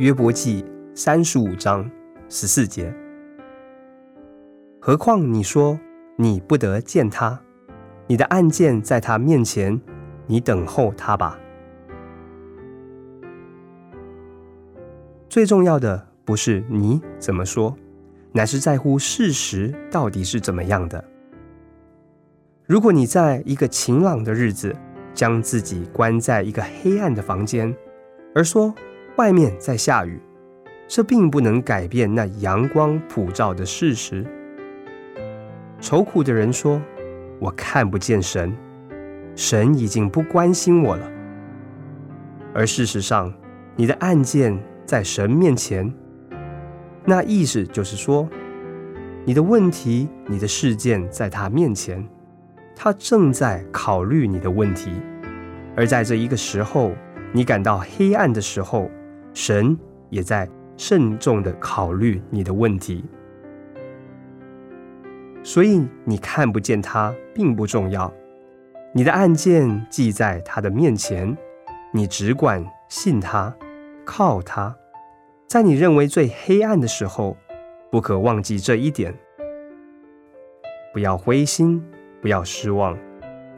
約伯記三十五章十四節。何況你說，你不得見他，你的案件在他面前，你等候他吧。最重要的不是你怎麼說，乃是在乎事實到底是怎麼樣的。如果你在一個晴朗的日子，將自己關在一個黑暗的房間，而說，外面在下雨，這並不能改變那陽光普照的事實。愁苦的人說：“我看不見神，神已經不關心我了。”而事實上，你的案件在神面前，那意思就是說，你的問題、你的事件在他面前，他正在考慮你的問題。而在這一個時候，你感到黑暗的時候，神也在慎重的考慮你的問題，所以你看不見他並不重要。你的案件記在他的面前，你只管信他，靠他。在你認為最黑暗的時候，不可忘記這一點，不要灰心，不要失望，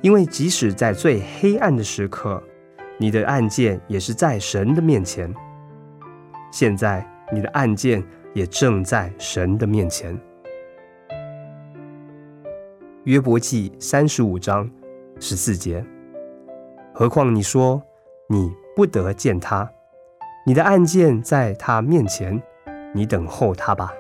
因為即使在最黑暗的時刻，你的案件也是在神的面前。現在你的案件也正在神的面前。《約伯記》三十五章十四節。何況你說你不得見他，你的案件在他面前，你等候他吧。